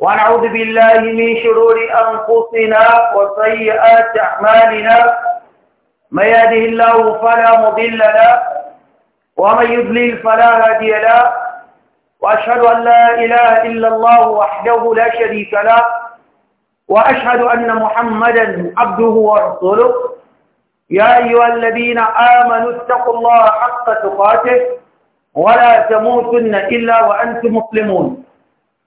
ونعوذ بالله من شرور أنفسنا وسيئات أعمالنا ما يهده الله فلا مضل له ومن يضلل فلا هادي له وأشهد أن لا إله إلا الله وحده لا شريك له وأشهد أن محمدا عبده ورسوله يا أيها الذين آمنوا اتقوا الله حق تقاته ولا تموتن إلا وأنتم مسلمون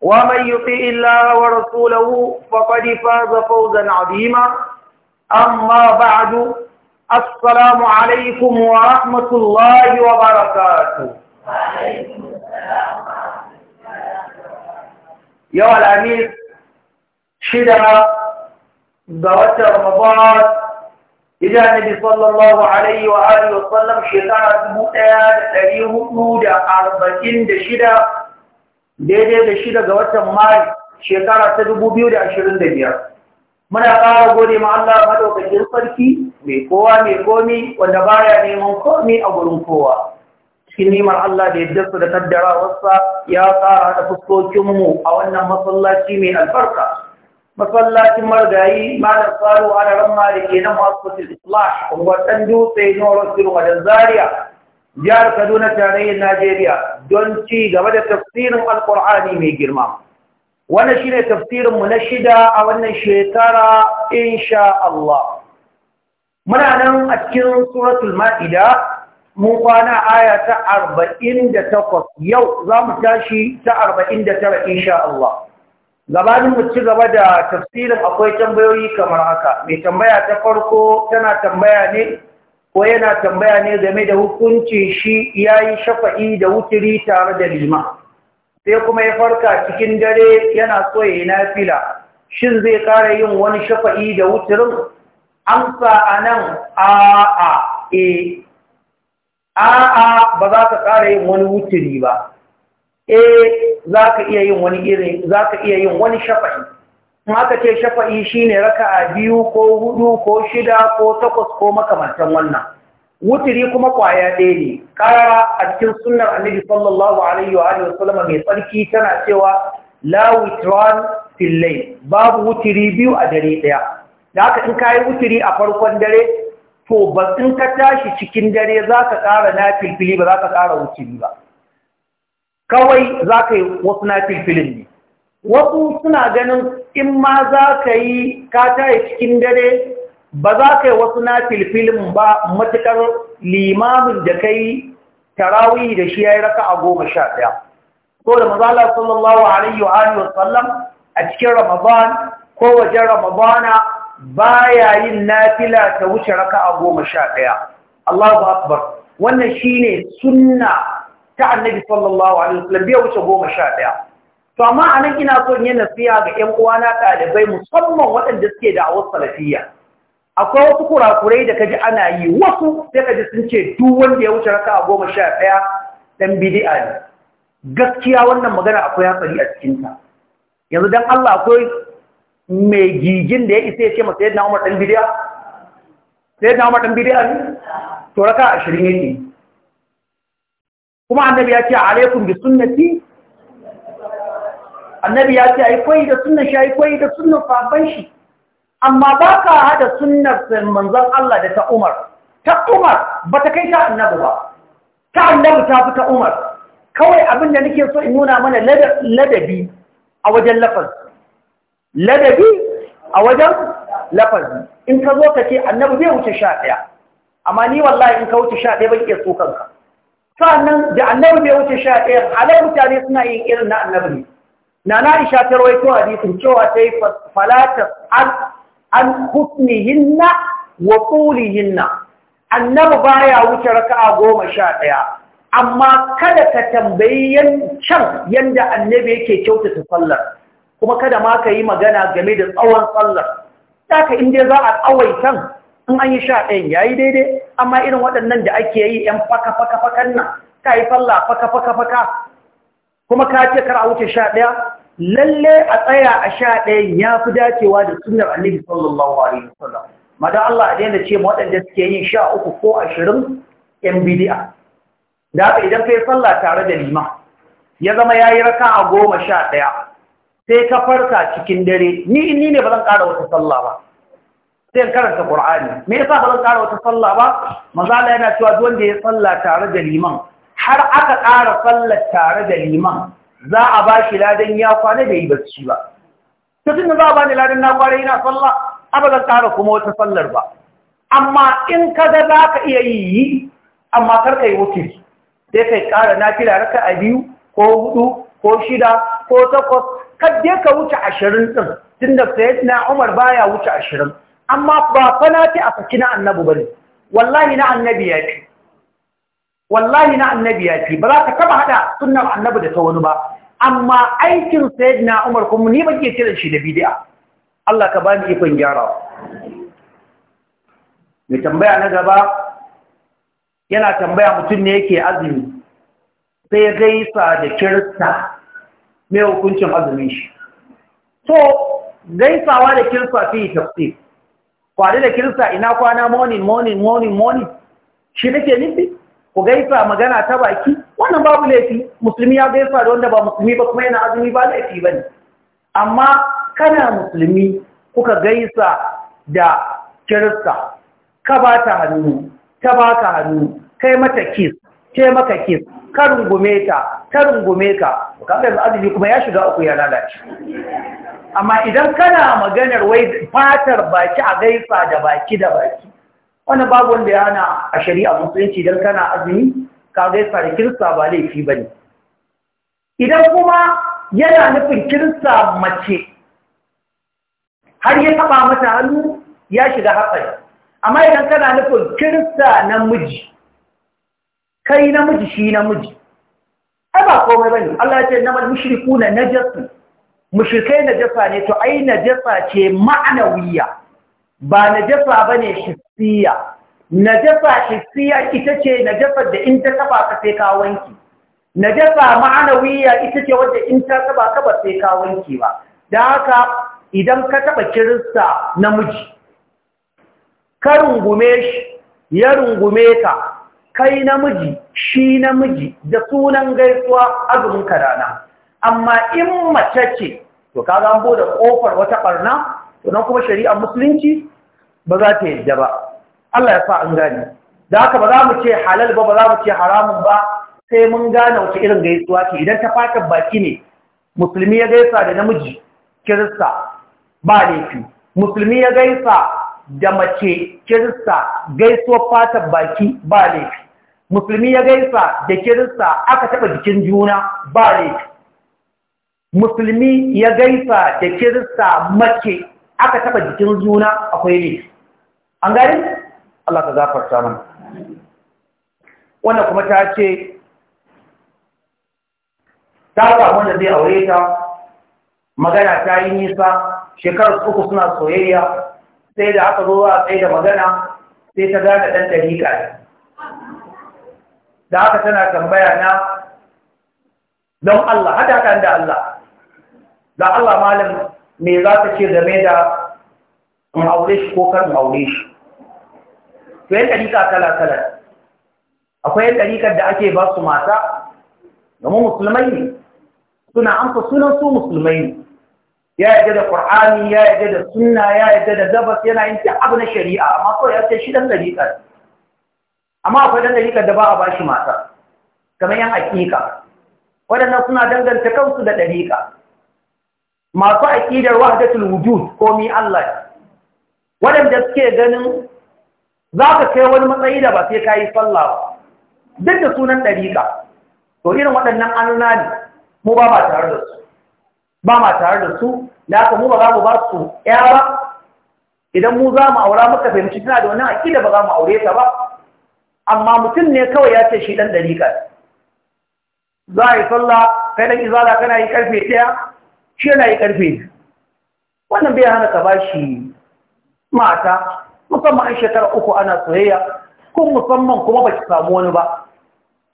ومن يطيع الله ورسوله فقد فاز فوزا عظيما أما بعد السلام عليكم ورحمة الله وبركاته يا الأمير شدها دوات رمضان إذا النبي صلى الله عليه وآله وسلم شكرا مؤاد تاريخ مودة أربعين شدها daidai da shida ga watan Mayu shekara ta dubu biyu da da biyar. Muna ƙara gode ma Allah maɗaukakin sarki mai kowa mai komi wanda baya neman komi a gurin kowa. Cikin neman Allah da yadda su da kaddarawarsa ya tsara da fuskokinmu a wannan masallaci mai albarka. Masallacin margayi Malam da Alaramma da ke nan Hospital Islah, unguwar ɗan dutse Noro da Zaria jihar kaduna tarayyar najeriya don ci gaba da tafsirin alƙur'ani mai girma wannan shine ne tafsirinmu na shida a wannan shekara insha muna nan a cikin suratul ma'ida mun kwana aya ta arba'in da takwas yau za mu tashi ta arba'in da tara insha Allah gabanin mu ci gaba da tafsirin akwai tambayoyi kamar haka mai tambaya ta farko tana tambaya ne ko yana tambaya ne game da hukunci shi ya yi shafa'i da wuturi tare da lima sai kuma ya farka cikin dare yana so ya yi na fila. shin zai ƙara yin wani shafa'i da wuturin amsa a nan a'a e a'a ba za ka ƙara yin wani wuturi ba e za ka iya yin wani irin za ka iya yin wani shafa'i maka ce shafa'i shine a biyu ko hudu ko shida ko takwas ko makamantan wannan Wuturi kuma kwaya ɗaya ne ƙarara a cikin sunan annabi sallallahu alaihi wa sallama mai tsarki tana cewa la witran fillai babu wuturi biyu a dare ɗaya da haka in kayi wuturi a farkon dare to ba in ka tashi cikin dare za ka ƙara na filfili ba za ka ƙara wuturi ba kawai za ka yi wasu na filfilin ne wasu suna ganin in ma za ka yi kataye cikin dare ba za ka yi wasu na filfilin ba matukar limamin da ka yi tarawihi da shi ya yi raka a goma sha ɗaya ko da mazala sallallahu alaihi wa alihi wasallam a cikin ramadan ko wajen ramadana ba ya yin nafila ta wuce raka a goma sha ɗaya allahu akbar wannan shine sunna ta annabi sallallahu alaihi wasallam bai wuce goma sha ɗaya to amma nan ina so in yi nasiha ga ƴan uwana ɗalibai musamman waɗanda suke da awar salafiya. akwai wasu kurakurai da kaji ana yi wasu sai kaji sun ce duk wanda ya wuce raka a goma sha ɗaya ɗan bidi'a ne gaskiya wannan magana akwai hatsari a cikinta yanzu don Allah akwai mai gigin da ya isa ya ce masa yadda umar ɗan bidi'a sai yadda umar ɗan bidi'a ne to raka ashirin yake kuma annabi ya ce alaikum bi sunnati annabi ya ce ai koyi da sunan shi ai koyi da sunan sahabban shi amma ba ka hada sunan manzan Allah da ta Umar ta Umar ba ta kai ta annabi ba ta annabi ta fi ta Umar kawai abin da nake so in nuna mana ladabi a wajen lafazi ladabi a wajen lafazi in ka zo ka ce annabi zai wuce sha ɗaya amma ni wallahi in ka wuce sha ɗaya ban iya tsokanka sa'annan da annabi bai wuce sha ɗaya halar mutane suna yin irin na annabi ne na na isha ta rawaito hadisin cewa ta yi falata an husnihinna wa tulihinna annabi baya wuce raka'a goma sha ɗaya amma kada ka tambayi can yadda annabi yake kyautata sallar kuma kada ma ka yi magana game da tsawon sallar taka inda za a can in an yi sha ɗayan ya yi daidai amma irin waɗannan da ake yi ‘yan faka-faka-fakan nan ka yi falla faka-faka-faka kuma ka ce kar a wuce sha ɗaya lalle a tsaya a sha ɗaya ya fi dacewa da sunnar annabi sallallahu alaihi wasallam madan Allah a daina ce waɗanda suke yin sha uku ko ashirin yan bidi'a da haka idan kai sallah tare da lima ya zama ya yi raka a goma sha ɗaya sai ka farka cikin dare ni in ne ba zan ƙara wata sallah ba sai in karanta ƙur'ani me yasa ba zan ƙara wata sallah ba manzo Allah yana cewa duk wanda ya sallah tare da liman har aka ƙara sallar tare da liman za a ba shi ladan ya kwana da yi bacci ba tutun da za a ba ni ladan na kwana yana sallah abadan ƙara kuma wata sallar ba amma in ka ga za ka iya yi yi amma karka yi wuce sai kai ƙara na fila raka a biyu ko hudu ko shida ko takwas je ka wuce ashirin ɗin tun da sayid na umar baya wuce ashirin amma ba fana fi a saki na annabi ba ne wallahi na annabi ya fi wallahi na annabi ya ce, ba za ka taba hada sunnar annabi da ta wani ba amma aikin sayyidina umar kuma ni ba ke kiran shi da bid'a Allah ka bani ikon gyara. mai tambaya na gaba yana tambaya mutum ne yake azumi sai ya gaisa da kirsa, mai hukuncin azumin shi so gaisawa da kirista fi tafsi kwari da kirsa ina kwana morning morning morning morning shi nake nufi ku gaisa magana ta baki wannan babu laifi musulmi ya gaisa da wanda ba musulmi ba kuma yana azumi ba laifi ba ne amma kana musulmi kuka gaisa da kirista ka ba ta hannu ta ba ka hannu kai mata kis ke maka kis ka rungume ta ta rungume ka ka ga azumi kuma ya shiga uku ya lalace amma idan kana maganar wai fatar baki a gaisa da baki da baki Wani babu wanda ya hana a shari'a musulunci don kana azumi ka gaisa da kirista ba laifi ba ne idan kuma yana nufin kirista mace har ya taɓa mata hannu ya shiga haɓari, amma idan kana nufin kirista namiji kai namiji shi namiji ai ba komai ne. Allah ya ce namal mushrikuna najasun mushrikai najasa ne to ai najasa ce ma'anawiya ba na ba ne bane na jafa hisiya ita ce na najasar da in ta taba ka sai ka wanki ma'ana ma'anawiya ita ce wadda in ta taba ka ba sai ka ba da haka idan ka taba kirista namiji ka rungume shi ya rungume ka kai namiji shi namiji da sunan gaisuwa azumin karana amma in mace ce to ka an bude kofar wata barna sannan kuma shari'ar musulunci ba za ta yadda ba Allah ya sa an gane da haka ba za mu ce halal ba ba za mu ce haramun ba sai mun gane wace irin gaisuwa ce idan ta fatan baki ne musulmi ya gaisa da namiji kirista ba laifi musulmi ya gaisa da mace kirista gaisuwar fatan baki ba laifi musulmi ya gaisa da kirista aka taɓa jikin juna ba laifi musulmi ya gaisa da kirista mace aka taba jikin juna akwai ne an gani Allah ka gafarta mana wannan kuma ta ce ta samu da zai aure ta magana ta yi nisa shekarar uku suna soyayya sai da aka zo a tsaye da magana sai ta gane ɗan ɗariƙa da aka tana tambaya na don Allah haɗa kan da Allah da Allah malam me za ta ce game da in aure shi ko kan aure shi to yin ɗariƙa kala-kala akwai yin ɗariƙar da ake ba su mata domin musulmai ne suna amfa sunan su musulmai ne ya yadda da ƙur'ani ya yadda da sunna ya yadda da zabas, yana yin ta abu na shari'a amma kawai ya ce shi ɗan ɗariƙar amma akwai ɗan ɗariƙar da ba a ba shi mata kamar yan hakika waɗannan suna danganta kansu da ɗariƙa masu aƙidar wahdatul wujud mi Allah waɗanda suke ganin za ka kai wani matsayi da ba sai ka yi sallah ba duk da sunan ɗariƙa to irin waɗannan anuna ne mu ba ma tare da su ba ma tare da su da aka mu ba za mu ba su ya ba idan mu za mu aura muka fahimci tana da wani aƙida ba za mu aure ta ba amma mutum ne kawai ya ce shi ɗan ɗariƙa za a yi sallah kai ɗan izala kana yi ƙarfe ɗaya shi yana yi karfe wannan bai hana ka ba shi mata musamman an shekara uku ana soyayya kun musamman kuma baki samu wani ba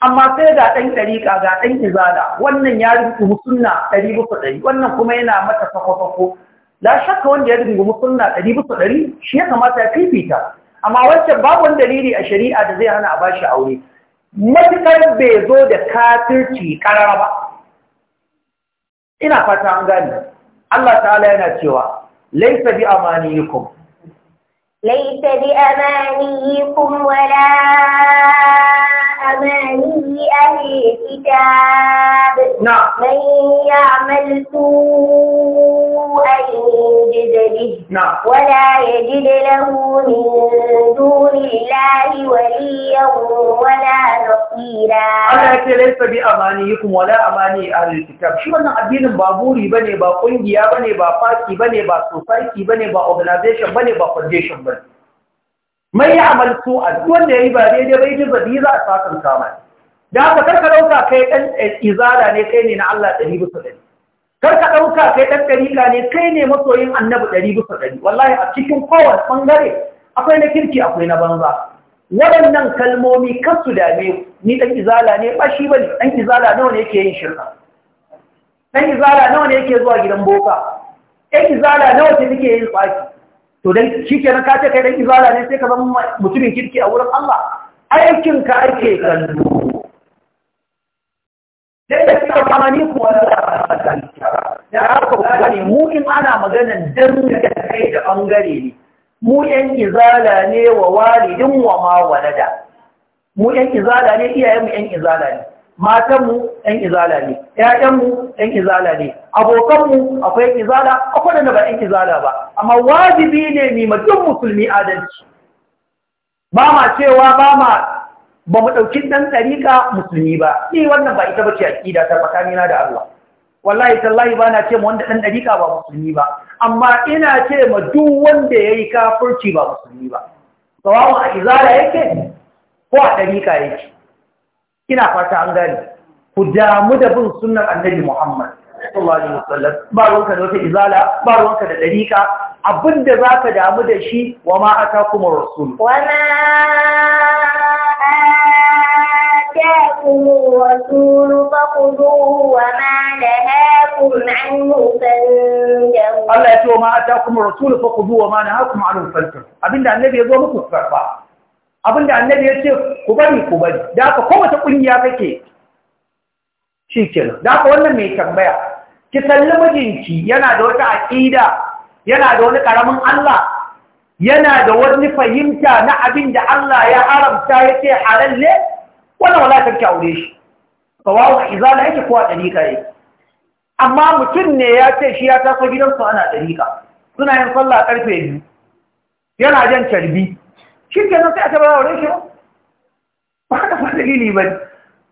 amma sai ga ɗan ɗariƙa ga ɗan izada wannan ya rubutu sunna ɗari bisa ɗari wannan kuma yana mata fako-fako da shakka wanda ya rubutu sunna ɗari bisa ɗari shi ya kamata ya fifita amma wancan babu wani dalili a shari'a da zai hana a ba shi aure matuƙar bai zo da kafirci ƙarara ba ina fata an gani. Allah ta'ala yana cewa laisa bi amaniyikum laisa bi amaniyikum wala Allah ya ce laisa bi amani yikum wala amani ahli kitab shi wannan addinin ba buri bane ba kungiya bane ba faki bane ba society bane ba organization bane ba foundation bane mai yi amal su a ya yi ba daidai bai ji zabi za a sakan kama da haka karka ɗauka kai ɗan eh, izara ne kai ne na Allah ɗari 100% karka ɗauka kai ɗan ɗarika ne kai ne masoyin annabi ɗari 100% wallahi a cikin kowane ɓangare, akwai na kirki akwai na banza waɗannan kalmomi su dame ni ɗan izala ne ba shi ba ne ɗan izala nawa ne yake yin shirka ɗan izala nawa ne yake zuwa gidan boka ɗan izala nawa ce take yin tsaki to dan shi kenan ka ce kai dan izala ne sai ka zama mutumin kirki a wurin Allah aikin ka ake kallo sai da kika fama ni kuwa da ya ko gani mu in ana maganan dan da kai da bangare ne mu yan izala ne wa walidin wa ma walada mu yan izala ne iyayen mu yan izala ne matan mu yan izala ne ‘ya'yanmu ‘yan izala ne, abokanmu akwai izala, akwai da ba ‘yan izala ba, amma wajibi ne mai duk musulmi adalci. Ba ma cewa ba ma ba mu ɗauki ɗan ɗariƙa musulmi ba, ni wannan ba ita ba ce ƙida ta tsakanina da Allah. Wallahi tallahi ba na ce ma wanda ɗan ɗariƙa ba musulmi ba, amma ina ce ma duk wanda ya yi kafurci ba musulmi ba. Tsawon a izala yake ko a ɗariƙa yake. Ina fata an gane. ku damu da bin sunan annabi Muhammad sallallahu alaihi wasallam ba ruwanka da wata izala ba ruwanka da dariƙa abinda zaka damu da shi wa ma atakumur rasul wa ma آتاكم الرسول فخذوه وما نهاكم عنه فانتهوا الله يتوى ما آتاكم الرسول فخذوه وما نهاكم عنه فانتهوا أبين النبي يزوى مكو فرقا abin da annabi ya ce ku bari ku bari da aka kowace ƙungiya kake shi da aka wannan mai tambaya ki salli mijinki yana da wata aƙida yana da wani karamin Allah yana da wani fahimta na abin da Allah ya haramta ya ce ne? wannan wala ta ki aure shi sawawa izala yake kuwa dariqa ne amma mutum ne ya ce shi ya taso gidansu ana dariqa suna yin sallah ƙarfe biyu yana jan tarbi. shi nan sai a taɓa aure shi ba ba ka fa dalili ba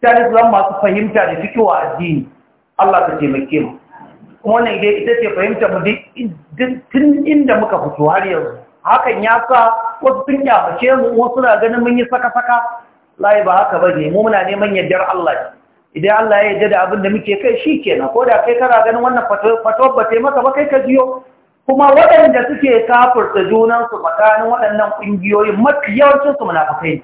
tare su masu fahimta da a addini Allah ta taimake mu kuma wannan idan ita ce fahimta mu tun inda muka fito har yanzu hakan ya sa wasu sun kyamace mu wasu na ganin mun yi saka-saka layi ba haka ba ne mu muna neman yardar Allah idan Allah ya yarda da abin da muke kai shi kenan ko da kai kana ganin wannan fatowar ba taimaka ba kai ka jiyo kuma waɗanda suke kafurta junansu tsakanin waɗannan ƙungiyoyin mafi yawancinsu munafakai ne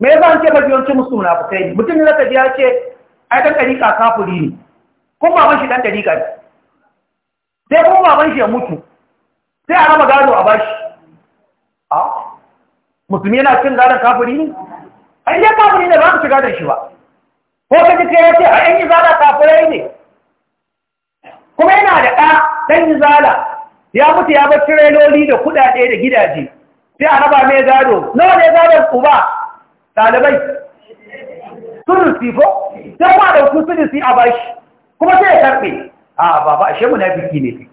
me yasa an ce ba cin musu munafukai ne mutum ne zaka ji ya ce ai dan dariƙa kafuri ne ko baban shi dan dariƙa ne sai kuma baban shi ya mutu sai a raba gado a bashi a musulmi yana cin gadon kafuri? ne ai ya kafuri ne ba ka gadon shi ba ko ka ji kai ce ai yi zala kafurai ne kuma yana da ɗa dan yi zala ya mutu ya bar tireloli da kuɗaɗe da gidaje sai a raba mai gado nawa ne gadon uba ɗalibai rusifo, ko sai ma su sudusi a bashi kuma sai ya karɓe a baba ashe mu na biki ne fi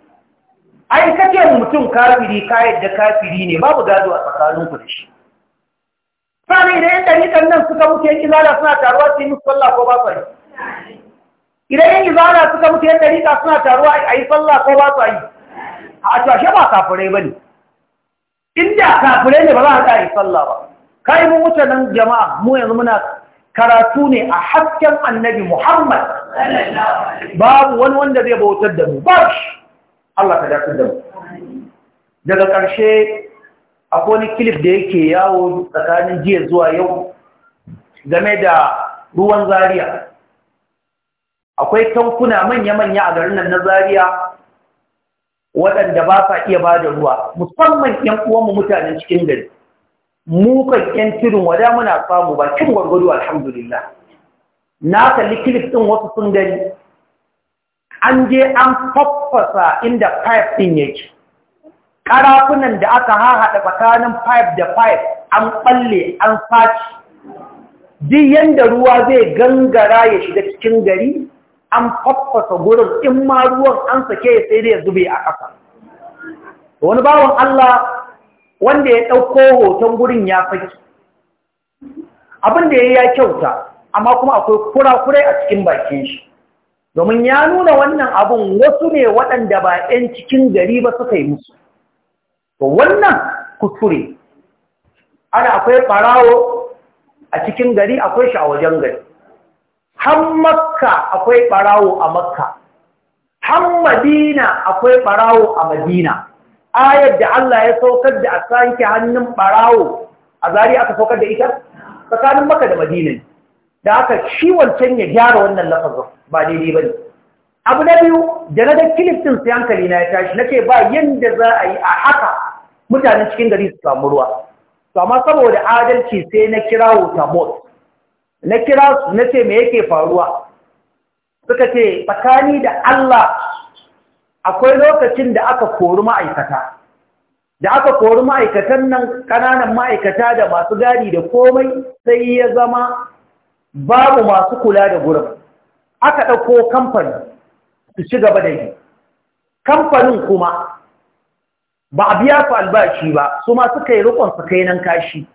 ai kace mutum kafiri kayan da kafiri ne babu gado a tsakaninku da shi sani idan yan ɗan nan suka mutu yan izala suna taruwa su yi musu sallah ko ba su yi idan yan izala suka mutu yan ɗariƙa suna taruwa a yi sallah ko ba su yi a ashe ba kafirai ba ne inda kafirai ne ba za a ta yi sallah ba kai mu wuce nan jama'a mu yanzu muna karatu ne a hasken annabi Muhammad babu wani wanda zai bautar da mu ba shi Allah ka dace da mu daga ƙarshe akwai wani kilif da yake yawo tsakanin jiya zuwa yau game da ruwan zaria akwai tankuna manya-manya a garin nan na Zariya, waɗanda ba sa iya ba da ruwa musamman 'yan uwanmu mutanen cikin gari mu ƴan yan tirin wada muna samu ba kin gwargwado alhamdulillah na kalli clip din wasu sun gani an je an faffasa inda pipe din yake karafunan da aka hahaɗa tsakanin pipe da pipe an balle an saci duk yanda ruwa zai gangara ya shiga cikin gari an faffasa gurin in ma ruwan an sake sai dai ya zube a ƙasa wani bawan Allah wanda ya ɗauko hoton gurin ya faki abin da ya yi ya kyauta amma kuma akwai kurakurai a cikin bakin shi domin ya nuna wannan abin wasu ne waɗanda ba 'yan cikin gari ba suka yi musu to wannan kuture ana akwai ɓarawo a cikin gari akwai shi a wajen gari har makka akwai ɓarawo a makka har madina akwai ɓarawo a madina ayar da Allah ya saukar da a sanke hannun barawo a zari aka saukar da ita tsakanin maka da madinin da aka ciwon wancan ya gyara wannan lafazin ba daidai ba ne abu na biyu da na da kiliftin su hankali na ya tashi na ce ba yadda za a yi a haka mutanen cikin gari su samu ruwa to amma saboda adalci sai na kira mot na kira su na ce me yake faruwa suka ce tsakani da Allah akwai lokacin da aka kori ma'aikata da aka kori ma'aikatan nan ƙananan ma'aikata da masu gadi da komai sai ya zama babu masu kula da gurin aka ɗauko kamfani su ci gaba da yi kamfanin kuma ba a biya su albashi ba su ma suka yi rikon su kai nan kashi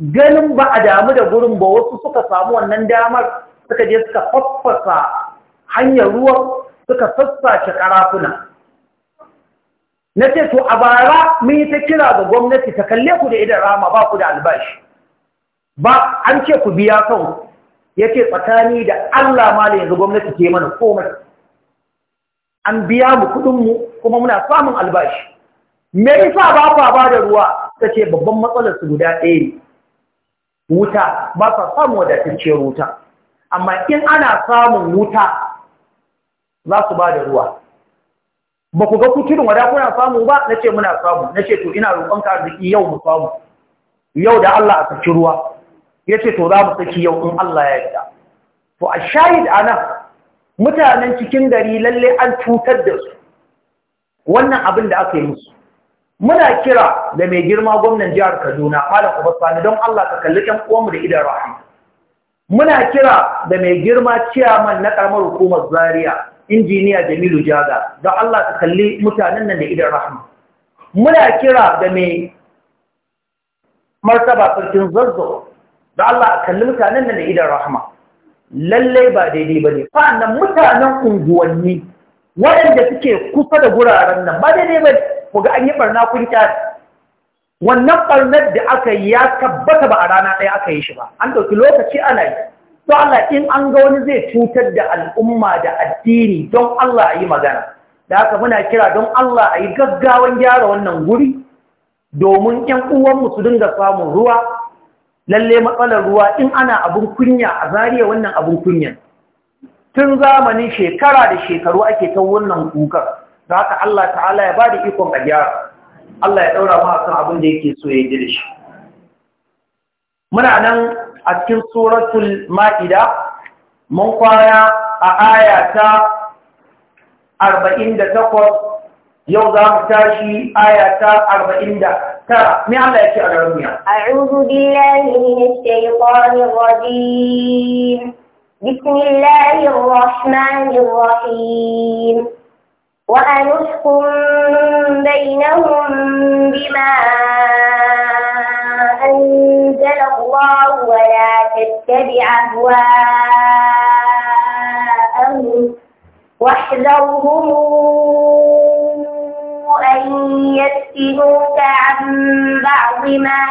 ganin ba a damu da gurin ba wasu suka samu wannan damar suka je suka faffasa hanyar ruwan suka sassace karafuna na ce to a bara mun yi ta kira ga gwamnati ta kalle ku da idan rama ba ku da albashi ba an ce ku biya kan ya ce tsakani da Allah ma da yanzu gwamnati ke mana komai an biya mu kuɗinmu kuma muna samun albashi me yasa ba ku ba da ruwa ta ce babban matsalar su guda ɗaya ne wuta ba sa samun wadatacce wuta amma in ana samun wuta za su ba da ruwa ba ku ga kuturu wada kuna samu ba na ce muna samu na ce to ina roƙon ka arziki yau mu samu yau da Allah a saki ruwa ya ce to za mu saki yau in Allah ya yarda to a shahid ana mutanen cikin gari lalle an cutar da su wannan abin da aka yi musu muna kira da mai girma gwamnan jihar Kaduna Malam Obasani don Allah ka kalli ɗan uwanmu da idan rahama muna kira da mai girma ciyaman na ƙaramar hukumar Zaria injiniya Jamilu Jaga don Allah ta kalli mutanen nan da idan rahama muna kira da mai martaba sarkin zazzo da Allah kalli mutanen nan da idan rahama lallai ba daidai ba ne fa'annan mutanen unguwanni waɗanda suke kusa da guraren nan ba daidai ba ku ga an yi barna kun kyara wannan barnar da aka yi ya tabbata ba a rana ɗaya aka yi shi ba an ɗauki lokaci ana yi to Allah in an ga wani zai cutar da al'umma da addini don Allah a yi magana da haka muna kira don Allah a yi gaggawan gyara wannan guri domin ‘yan uwanmu su dinga samun ruwa lalle matsalar ruwa in ana abin kunya a zariya wannan abin kunya tun zamanin shekara da shekaru ake ta wannan kukar da haka Allah ta'ala ya ba da ikon a gyara Allah ya ɗaura ma kan abin da yake so ya ji da shi muna nan a cikin suratul ma'ida mun kwana a ayata 48 yau za mu tashi ayata 49 me Allah yake a garin ya a'udhu billahi minash shaitanir rajim بسم الله الرحمن الرحيم وأنحكم بينهم بما أنزل الله ولا تتبع أهواءهم واحذرهم أن يفتنوك عن بعض ما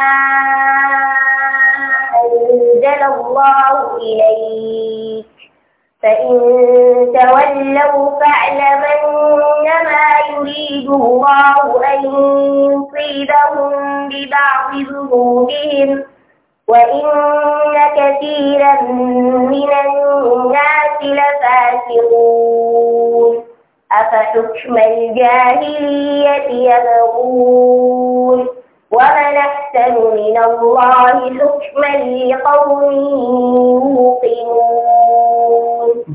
أنزل الله إليك فإن تولوا فاعلم أنما يريد الله أن يصيبهم ببعض ذنوبهم وإن كثيرا من الناس لفاسقون أفحكم الجاهلية يبغون ومن أحسن من الله حكما لقوم يوقنون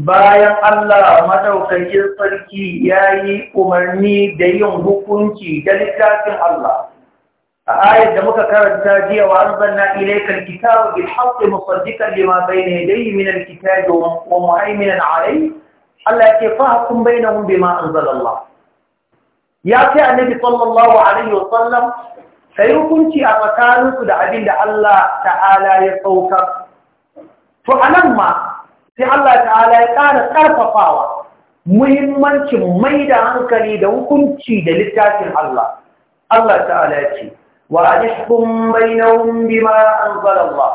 bayan Allah madaukakin sarki ya yi umarni da yin hukunci da littafin Allah a ayar da muka karanta jiya wa anzalna ilayka alkitaba bil haqqi musaddiqan lima bayna yadayhi min alkitabi wa muhaiminan alayhi Allah ya ce fahkum bainahum bima anzala Allah ya ce annabi sallallahu alaihi wa sallam ka yi hukunci a tsakaninku da abin da Allah ta'ala ya saukar. To, a nan ma, sai Allah ta'ala ya ƙara ƙarfafawa muhimmancin mai da hankali da hukunci da littafin Allah. Allah ta'ala ya ce, wa a nishkun bainahun bima an zalalla,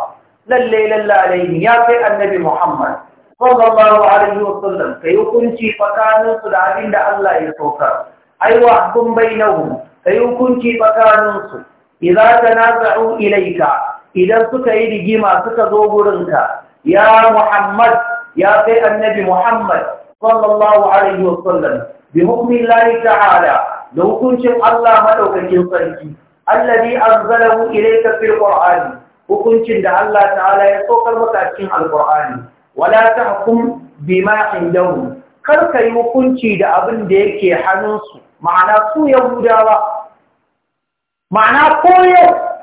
lalle lalle alaihi ya kai annabi Muhammad, sallallahu alaihi wasallam, ka yi hukunci tsakaninsu da abin da Allah ya saukar. Aiwa, kun bainahun ka yi hukunci tsakaninsu idan ta naza'u ilaika idan suka yi rigima suka zo gurinka ya muhammad ya sai annabi muhammad sallallahu alaihi wasallam bi hukmin lahi ta'ala da hukuncin Allah madaukakin sarki alladhi anzalahu ilayka fil qur'an hukuncin da Allah ta'ala ya saukar maka cikin alqur'ani wala tahkum bima indahum kar ka yi hukunci da abin da yake hannunsu ma'ana su yahudawa ma'ana ko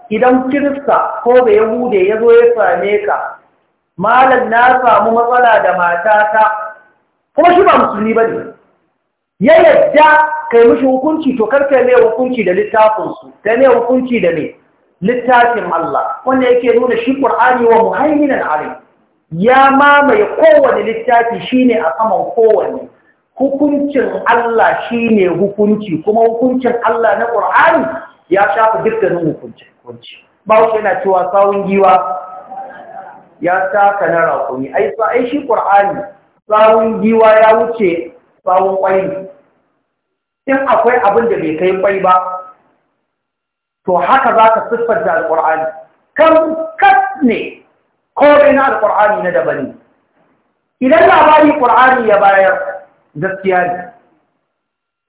idan kirista ko da yahude ya zo ya same ka malam na samu matsala da matata kuma shi ba musulmi ba ne ya yadda kai mishi hukunci to karka mai hukunci da littafinsu ta mai hukunci da mai littafin Allah wanda yake nuna shi ƙur'ani wa muhaiminan alai ya mamaye kowane littafi shine a saman kowane hukuncin Allah shine hukunci kuma hukuncin Allah na ƙur'ani ya shafa dukkanin hukunci hukunci bawo yana cewa sawun giwa ya taka na rakumi ai sa ai shi qur'ani sawun giwa ya wuce sawun kwai in akwai abin da bai kai kwai ba to haka zaka siffanta alqur'ani kan kat ne komai na alqur'ani na dabani idan labari qur'ani ya bayar gaskiya ne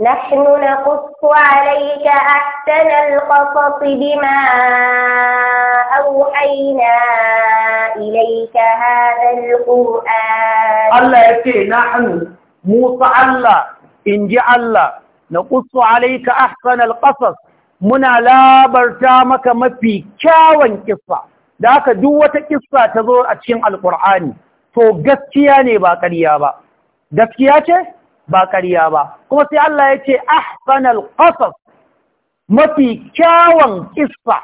نحن نقص عليك أحسن القصص بما أوحينا إليك هذا القرآن الله يكي نحن موسى الله إن الله نقص عليك أحسن القصص muna labarta maka mafi kyawun kissa da aka duk wata kissa ta zo a cikin alkur'ani to gaskiya ne ba ƙarya ba gaskiya ce ba ƙarya ba kuma sai Allah ya ce ahsanal qasas mafi kyawun kissa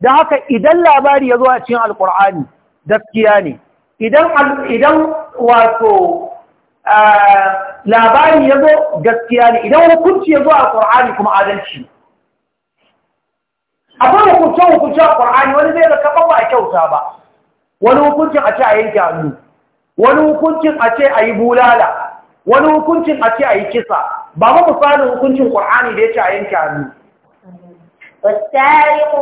da haka idan labari ya zo a cikin alkur'ani gaskiya ne idan idan wato labari ya zo gaskiya ne idan hukunci ya zo a ƙur'ani kuma adalci akwai hukuncin hukuncin a ƙur'ani wani zai zaka ba a kyauta ba wani hukuncin a ce a yanke hannu wani hukuncin a ce a yi bulala wani hukuncin a ce a yi kisa ba ma misalin hukuncin ƙwar'ani da ya yace a yanke hannu والسارق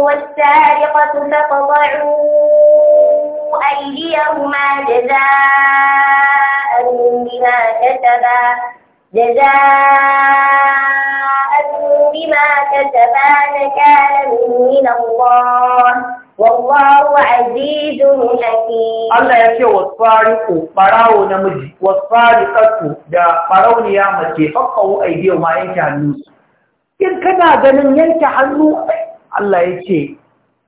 فعلوا بما كسبان كان من الله wallahu azizun hakim Allah ya ce wasfariqu barawo namiji wasfariqatu da barauniya mace faqahu aydiyu ma yanke hannu in kana ganin yanke hannu Allah ya ce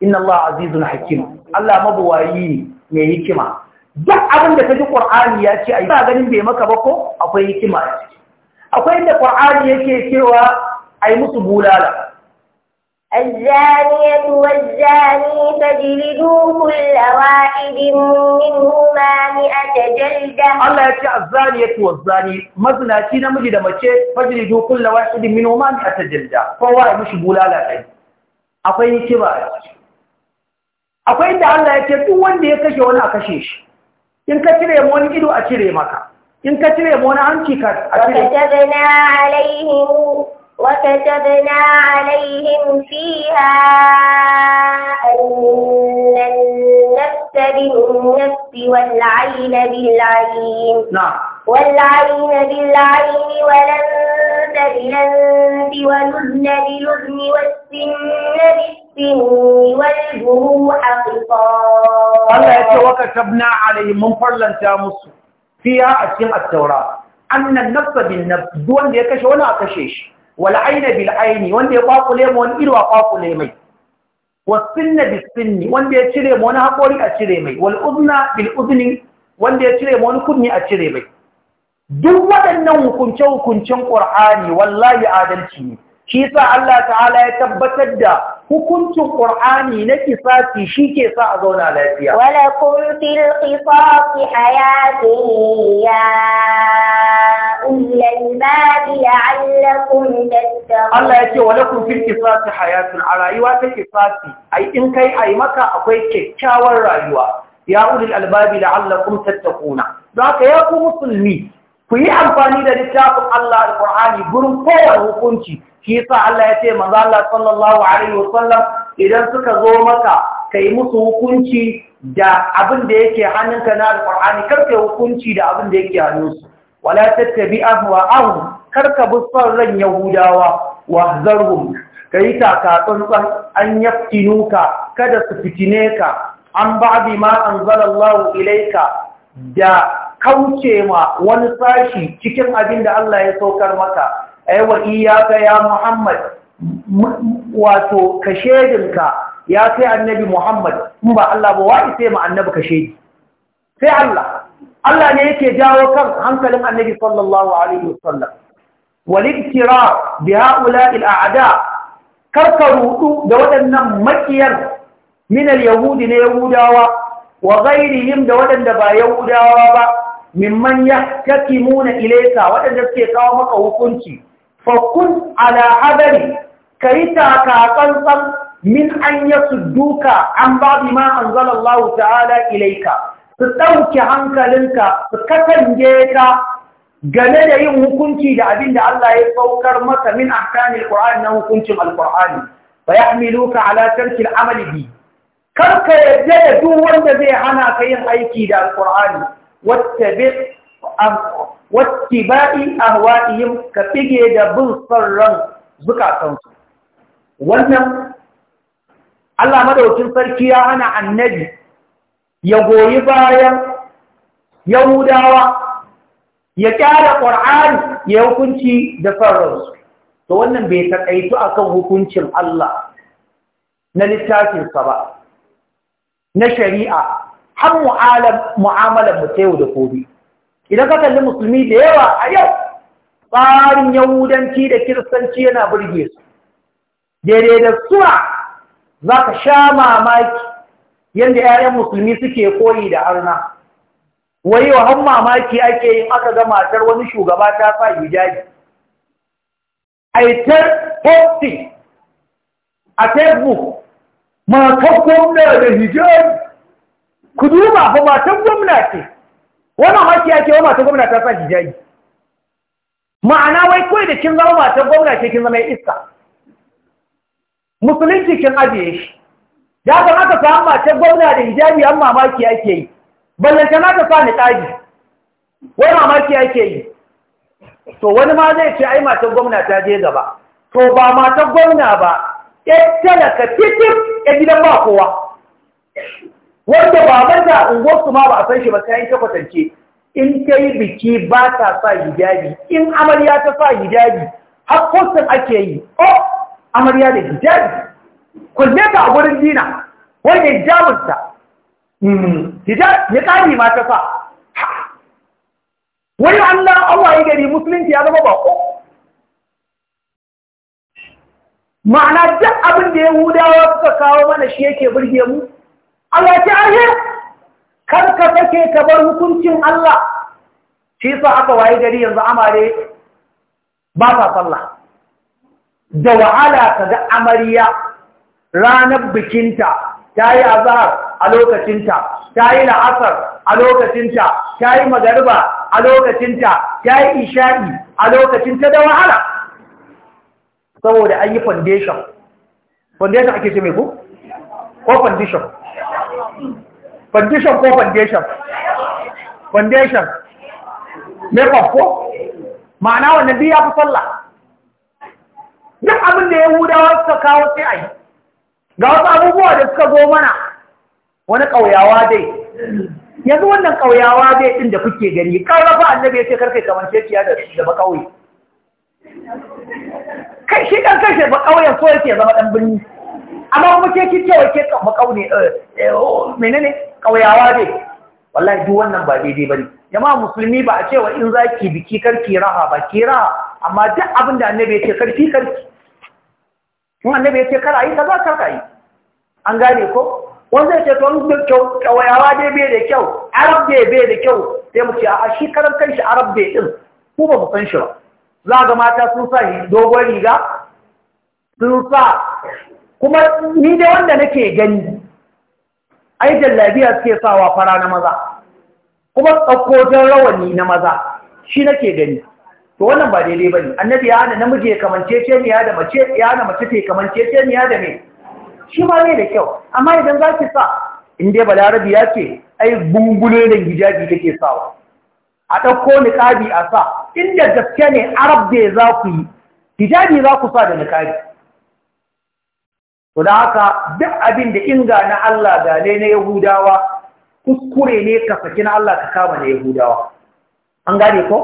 inna Allah azizun hakim Allah mabuwayi ne mai hikima duk abin da ji Qur'ani ya ce ai ba ganin bai maka ba ko akwai hikima akwai inda Qur'ani yake cewa ai musu bulala الزانية والزاني فاجلدوا كل واحد منهما مئة جلدة الله يتي الزانية والزاني مزنا تينا مجد مچه فاجلدوا كل واحد منهما مئة جلدة فواي مش bulala تاني akwai kiba akwai da Allah ya ce duk wanda ya kashe wani a kashe shi in ka cire mu wani ido a cire maka in ka cire mu wani hanci ka a cire وكتبنا عليهم فيها أن النفس بالنفس والعين بالعين نعم والعين بالعين ولنت بلنت ولذن بلذن والسن بالسن والجروح قصاص الله يقول وكتبنا عليهم من فرلنتا مصر فيها أسماء التوراة أن النفس بالنفس دون يكشف ولا أكشيش wal aina bil aini wanda ya kwakule mu wani iri a kwakule mai wasinna bis sinni wanda ya cire mu wani haƙori a cire mai wal udna bil udni wanda ya cire mu wani kunni a cire mai duk waɗannan hukunce hukuncen qur'ani wallahi adalci ne shi yasa Allah ta'ala ya tabbatar da hukuncin Qur'ani na kisasi shike sa a zauna lafiya wala kun fil qisas hayatun ya إلا المال لعلكم تتقون الله يقول ولكم في القصاص حياة على رأيوة القصاص أي إن كي أي مكة أقوي كيكاور رأيوة يا أولي الألباب لعلكم تتقون ذاك يا أبو مسلمي ku yi amfani da littafin Allah al-Qur'ani gurin kowane hukunci shi yasa Allah ya ce manzo Allah sallallahu alaihi sallam idan suka zo maka kai musu hukunci da abin da yake hannunka na al-Qur'ani kar kai hukunci da abin da yake hannunsu wala tattabi Kar karka bi son ran yahudawa wahzarhum kai taka tsantsan an yaftinuka kada su fitine ka an ba'di ma anzalallahu ilaika da kauce ma wani sashi cikin abin da Allah ya saukar maka aiwa iyaka ya Muhammad wato ka shedinka ya sai annabi Muhammad in ba Allah ba wai sai mu annabi ka shedi sai Allah Allah ne yake jawo kan hankalin annabi sallallahu alaihi wasallam waliktira bi haula al'ada karka rudu da waɗannan makiyar min al-yahudi ne yahudawa wa ghairihim da waɗanda ba yahudawa ba mimman muna ilayka waɗanda suke kawo maka hukunci fa kun ala hadari kai taka ka tsantsan min an yasudduka an babu ma anzalallahu ta'ala ilayka su ɗauke hankalinka su kasance ka game da yin hukunci da abin da Allah ya saukar maka min ahkamil Qur'an na hukuncin Al-Qur'ani fa yahmiluka ala tarki al-amali bi kar ka yadda da duk wanda zai hana ka yin aiki da al wacce ba'i wattiba'i ahwa'ihim ka fige da bin sarran zukatansu wannan Allah madaukin sarki ya hana annabi ya goyi bayan yahudawa ya kyara ƙwar'ani ya hukunci da fararsu to wannan bai taƙaitu kan hukuncin Allah na littafinsa ba na shari'a har mu'amalar mu da gobe idan ka kalli musulmi da yawa a yau tsarin yahudanci da kiristanci yana burge su daidai da suwa za ka sha mamaki yadda 'ya'yan musulmi suke koyi da arna wai wa hamma mamaki ake yin aka ga matar wani shugaba ta sa hijabi aitar posting a facebook matar gwamna da hijabi ku duba ba matan gwamna ce wannan haki ake wa matar gwamna ta sa hijabi ma'ana wai kawai da kin zama matan gwamna ce kin zama iska musulunci kin ajiye shi ya san aka samu matar gwamna da hijabi an mamaki ake yi ta na ta sa ni tsagi wai mamaki ake yi to wani ma zai ce ai matan gwamna ta je gaba to ba matan gwamna ba ya talaka titif ya gidan ba kowa wanda baban da unguwarsu ma ba a san shi ba kayan kwatance in ta yi biki ba ta sa hijabi in amarya ta sa hijabi har ake yi oh amarya da hijabi kulle ta a gurin dina wani hijabinta ya hmm, ƙari ma ta sa wani Allah Allah ya gari musulunci ya zama bako ma'ana duk abin da ya hudawa suka kawo mana shi yake burge mu Allah ya ce ahe kar ka sake ka bar hukuncin Allah shi sa aka waye gari yanzu amare ba sa sallah da wahala ka ga amarya ranar bikinta ta yi azahar a lokacinta ta yi la'asar a lokacinta ta yi magariba a lokacinta ta yi isha'i a lokacinta da wahala saboda an yi foundation foundation ake ce mai ku? ko foundation foundation ko foundation foundation makeup ko ma'ana wannan biya fi sallah duk abin da ya hudawar suka kawo sai a yi ga wasu abubuwa da suka zo mana wani ƙauyawa dai yanzu wannan ƙauyawa dai ɗin da kuke gani ƙarfafa annabi ya ce karkai kamar ciya da ba ƙauye kai shi kan kashe ba ƙauyen so yake zama ɗan birni amma kuma ke kike cewa ke kan makaune eh, eh, oh, menene ƙauyawa dai wallahi duk wannan ba daidai bane jama'a musulmi ba a cewa in za ki biki karki raha ba ki raha amma duk abin da annabi ya ce karki karki in annabi ya ce kar a yi kaza kar a yi an gane ko wanda ya ce to wani kyau kyawayawa dai bai da kyau arab dai bai da kyau sai mu ce a shi karan kanshi arab bai din ku ba ku san shi ba za ga mata sun sa dogon riga sun sa kuma ni dai wanda nake gani ai jallabiya suke sawa fara na maza kuma tsakkojin rawani na maza shi nake gani to wannan ba daidai ba ne. annabi ya hana namiji ya kamance ce ne ya da mace ya hana mace ta kamance ce ne ya da me shi ma ne da kyau amma idan za ki sa in dai balarabi ya ce ai bungulo da gidaji take sawa a ɗauko kabi a sa inda gaske ne arab da za ku yi hijabi za ku sa da niƙabi to da haka duk abin da inga na Allah ga ne na Yahudawa kuskure ne ka saki na Allah ka kama na Yahudawa an gane ko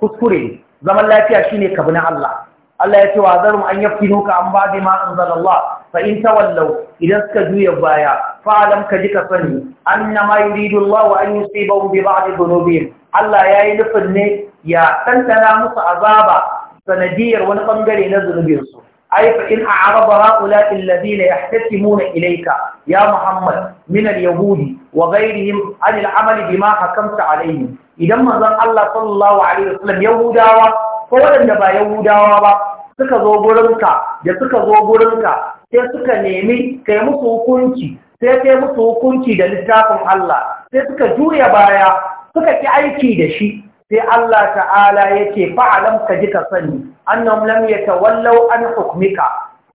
kuskure ne zaman lafiya shine ka na Allah Allah ya ce wa zarum an yaftinuka an ba'di ma anzalallah fa in tawallaw idan suka juya baya fa alam ka ji ka sani annama yuridu Allah an yusibahum bi ba'd dhunubihim Allah yayi nufin ne ya ɗanɗana musu azaba sanadiyar wani bangare na zunubinsu aifa in a araba ha’ula illazina ya haske muna ilaika ya muhammad minar yahudi wa gairihim anil amali bi ma hakamta alayhi idan manzon Allah sallallahu alaihi wasallam yahudawa ko wanda ba yahudawa ba suka zo gurinka da suka zo gurinka sai suka nemi kai musu hukunci sai sai musu hukunci da littafin Allah sai suka juya baya suka ƙi aiki da shi sai Allah ta'ala yake fa'alam ka ji ka sani annahum lam yatawallaw an hukmika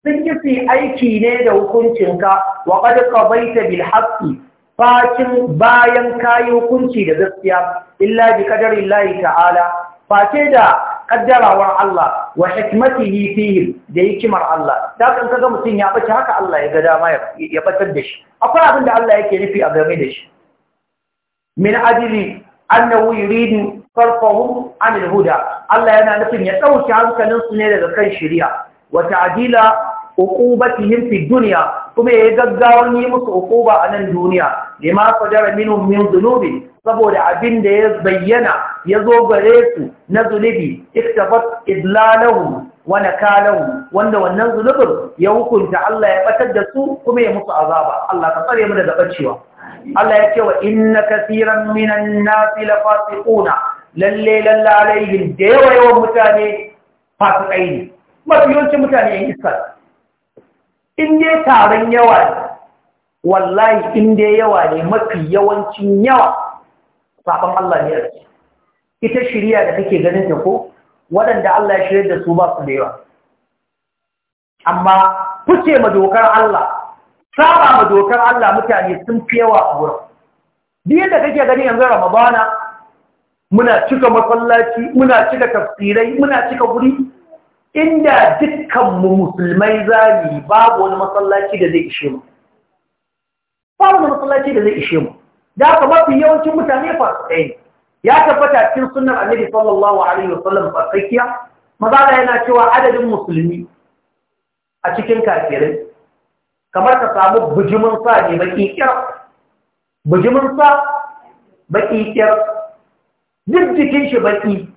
sun kifi aiki ne da hukuncinka wa qad qadaita bil haqqi fakin bayan kayi hukunci da gaskiya illa bi qadarillahi ta'ala Fashe da ƙaddarawar Allah wa hikmatihi fihi da hikimar Allah da kan kaga mutum ya ɓace haka Allah ya ga dama ya batar da shi akwai abin da Allah yake nufi a game da shi min ajli annahu yuridu farfahum anil huda Allah yana nufin ya ɗauki hankalinsu ne daga kan shirya wata adila uqubatihim fi duniya? kuma yayi gaggawar yi musu ukuba a nan duniya lima qadara minhum min dhunubi saboda abin da ya bayyana ya zo gare su na zunubi iktabat idlalahum wa nakalahum wanda wannan zunubin ya hukunta Allah ya batar da su kuma ya musu azaba Allah ka tsare mu daga bacewa Allah ya ce wa inna kaseeran minan nasi lafasiquna lalle lalle alaihim da yawa yawan mutane fasikai ne mafi yawancin mutane yan iska in dai taron yawa ne wallahi in dai yawa ne mafi yawancin yawa sabon Allah ne yarki ita shirya da kake ganin ko waɗanda Allah ya shirya da su ba su da yawa amma fice ma dokar Allah saba ma dokar Allah mutane sun fi yawa a gurin Biyan da kake gani yanzu Ramadana muna cika masallaci muna cika tafsirai muna cika guri inda dukkanmu musulmai zami babu wani masallaci da zai ishe mu babu wani masallaci da zai ishe mu da haka mafi yawancin mutane fasu ɗaya ne ya tabbata cikin sunan annabi sallallahu alaihi wasallam farkakiya maza yana cewa adadin musulmi a cikin kafirai kamar ka samu bijimin sa ne baki kyar bijimin sa baki kyar duk jikin shi baki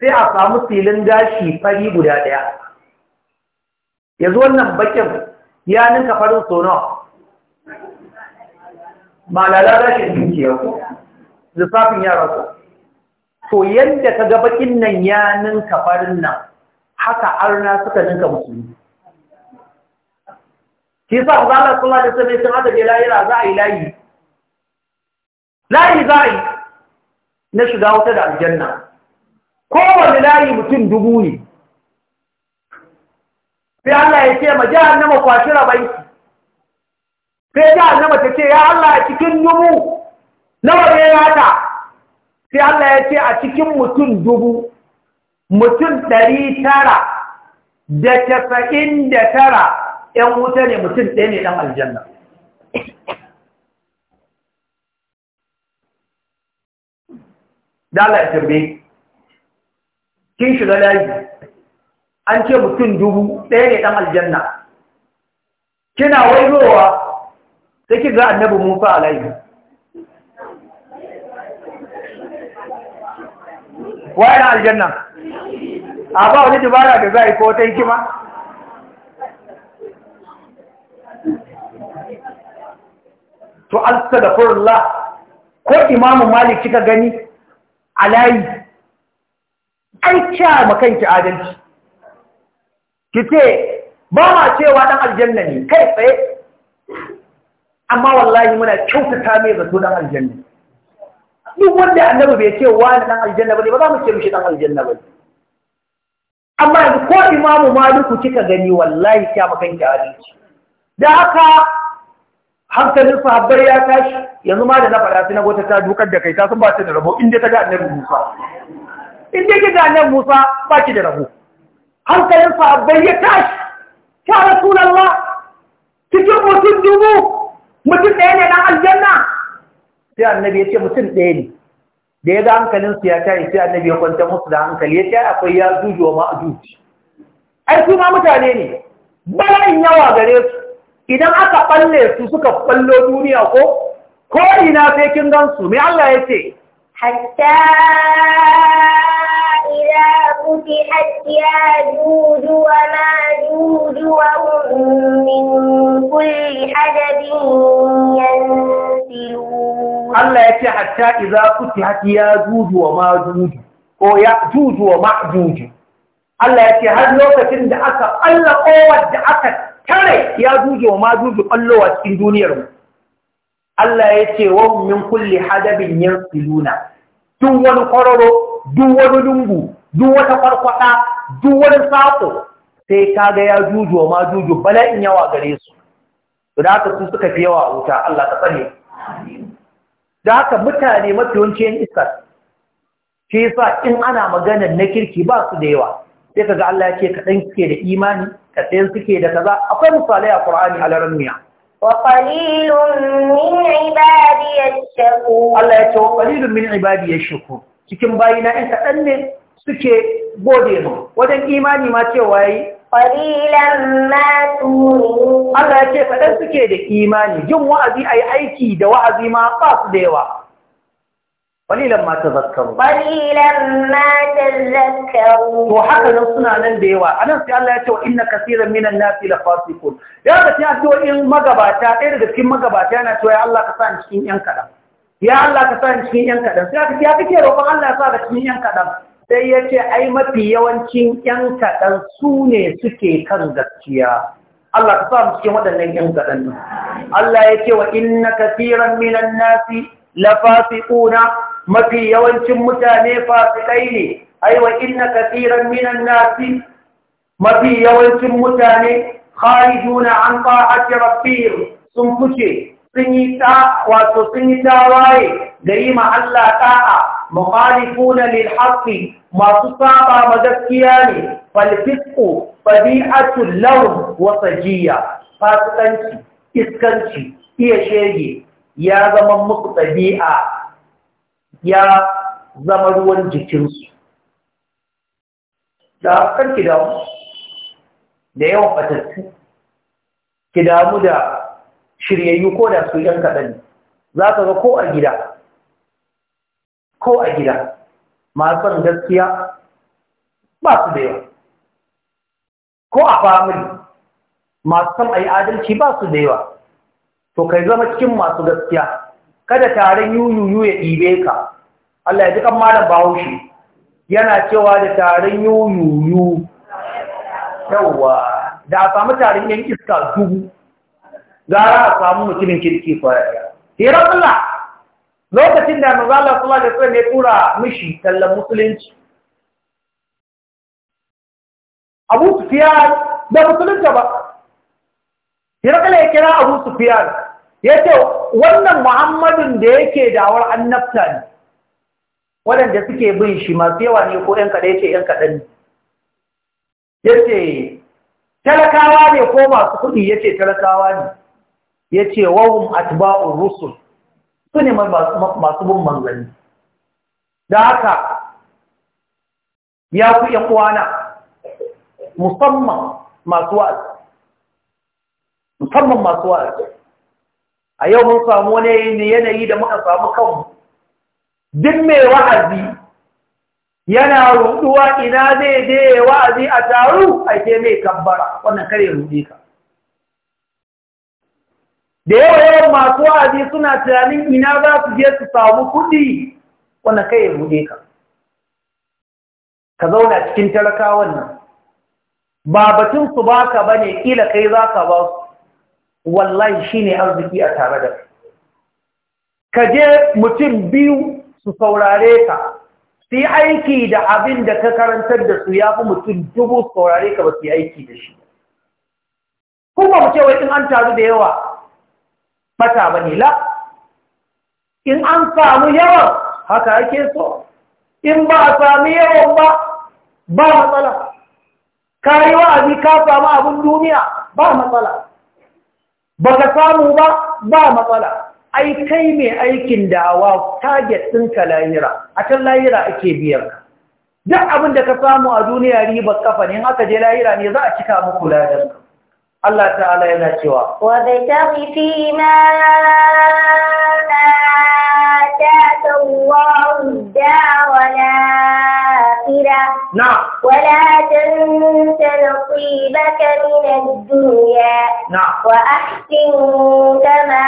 sai a samu filin gashi fari guda ɗaya yanzu wannan bakin ya ninka farin sono jiki ya dukiya lissafin yara su to yadda ka ga bakin nan ya ninka farin nan haka arna suka ninka musulmi Ki sa ku zala sallah da sami sun hada da layira za a yi layi layi za a yi na shiga wuta da aljanna Ko kowane layi mutum dubu ne sai Allah ya ce ma jahannama kwashi rabai sai nama ta ce ya Allah a cikin dubu nawa ne ya ta sai Allah ya ce a cikin mutum dubu mutum ɗari tara da tasa'in da tara ‘yan wuta ne mutum ɗaya ne ɗan aljanna dala ya tambaye kin shiga layi an ce mutum dubu ɗaya ne ɗan aljanna kina waigowa sai ki ga annabi Musa alaihi Wa na aljanna a ba wani dubara da za a yi ko ta hikima to alsa da ko imamu malik kika gani a layi an kya makanki adalci ki ce ba ma cewa ɗan aljanna ne kai tsaye amma wallahi muna kyautata mai zato ɗan aljanna duk wanda annabi bai ce wani ɗan aljanna ba ne ba za mu ce mushi ɗan aljanna ba amma ko imamu Maluku kika gani wallahi kya makanki adalci da haka hankalin sahabbai ya tashi yanzu ma da na faɗa sai na ta dukar da kai ta sun ba ta da rabo inda ta ga annabi Musa inda ki ga annabi Musa ba ki da rabo hankalin sahabbai ya tashi ya Rasulullah cikin mutum dubu mutum ɗaya ne na aljanna sai annabi ya ce mutum ɗaya ne da ya ga hankalin su ya tashi sai annabi ya kwanta musu da hankali ya ce akwai ya juju wa ma'ajuji ai su ma mutane ne bala'in yawa gare su idan aka falle su suka fallo duniya ko ko ina sai kin gan su mai Allah yace hatta ila kuti hatta judu wa ma judu wa min kulli hadabin yansilu Allah yace hatta idza kuti hatta judu wa ma judu ko ya judu wa ma judu Allah yace har lokacin da aka Allah kowar da aka tare ya juje wa ma juje ƙwallowa cikin duniyarmu Allah ya ce wa min kulle hadabin siluna duk wani kwararo duk wani lungu duk wata kwarkwata duk wani sako sai kaga ya juju wa ma juju bala'in yawa gare su da haka su suka fi yawa a wuta Allah ka tsare da haka mutane mafi yawancin iskar shi yasa in ana maganar na kirki ba su da yawa sai ga Allah ya ce kaɗan suke da imani kaɗai suke da kaza akwai misalai a ƙur'ani a laramiya وقليل من عبادي الشكور الله يتو قليل من عبادي الشكور cikin bayina ɗan kaɗan ne suke gode mu wajen imani ma cewa yi qalilan ma tu'minun Allah ya ce kaɗan suke da imani jin wa'azi ayi aiki da wa'azi ma ba su da yawa qalilan ma tadhakkaru qalilan ma tadhakkaru to haka nan suna nan da yawa anan sai Allah ya ce wa inna kaseeran minan nasi la fasiqun ya ga ta to in magabata ɗaya daga cikin magabata yana cewa ya Allah ka sa ni cikin yan kadan ya Allah ka sa ni cikin yan kadan sai aka ce ya kike roƙon Allah ya sa ka cikin yan kadan sai ya ce ai mafi yawancin yan kadan su ne suke kan gaskiya Allah ka sa mu cikin waɗannan yan kadan Allah ya ce wa inna kaseeran minan nasi لفاسقون mafi yawancin mutane fasikai ne aiwa inna katiran minan nasi mafi yawancin mutane kharijuna an ta'ati rabbihim sun fice sun yi ta wato sun yi tawaye da yi ma Allah ta'a mukhalifuna lil haqqi masu saba ma gaskiya ne fal fisqu fadi'atul lawn wa sajiya fasikanci iskanci iya shege ya zama musu ɗabi'a ya zama ruwan jikinsu da kan ki damu da yawan batattu ki damu da shiryayyu ko da su ‘yan kaɗan za ka ga ko a gida ko a gida masu gaskiya ba su da yawa ko a famili masu san a adalci ba su da yawa to kai zama cikin masu gaskiya kada taron yuyuyu ya ɗibe ka Allah ya ji kan malam bahaushe yana cewa da taron yuyuyu yawa da a samu taron yan iska dubu gara a samu mutumin kirki kwaya hirar Allah lokacin da mazala kula da tsaye mai tura mishi tallan musulunci abu sufiyar da musulunta ba hirar kala ya kira abu sufiyar ya ce wannan muhammadun da yake dawar annabta ne waɗanda suke bin shi masu yawa ne ko ‘yan kaɗai ce ‘yan kaɗan ne ya ce talakawa ne ko masu kuɗi ya ce talakawa ne ya ce wahun atba'un rusul su ne masu bin manzanni da haka ya ku ya uwana musamman masu wa'azi musamman masu wa'azi a yau mun samu wani yanayi da muka samu kanmu duk mai wa'azi yana ruduwa ina zai je wa'azi a taru ake mai kabbara wannan kare rude ka da yawa yawan masu wa'azi suna tunanin ina za su je su samu kuɗi wannan kare rude ka ka zauna cikin talakawan nan ba batun su baka bane kila kai za ka ba su wallahi shine arziki a tare da ka je mutum biyu su saurare ka su aiki da abin da ka karantar da su ya fi mutum dubu saurare ka ba su yi aiki da shi kuma mu ce in an taru da yawa bata ba ne la in an samu yawan haka ake so in ba a sami yawan ba ba matsala ka yi wa'azi ka samu abin duniya ba matsala Ba ka samu ba ba matsala ai kai mai aikin da'awa target ɗinka lahira a can lahira ake biyar ka duk abin da ka samu a duniya ribar kafa ne haka je lahira ne za a cika muku ladar Allah ta'ala yana cewa wa bai fi ma نعم ولا تنس نصيبك من الدنيا نعم وأحسن كما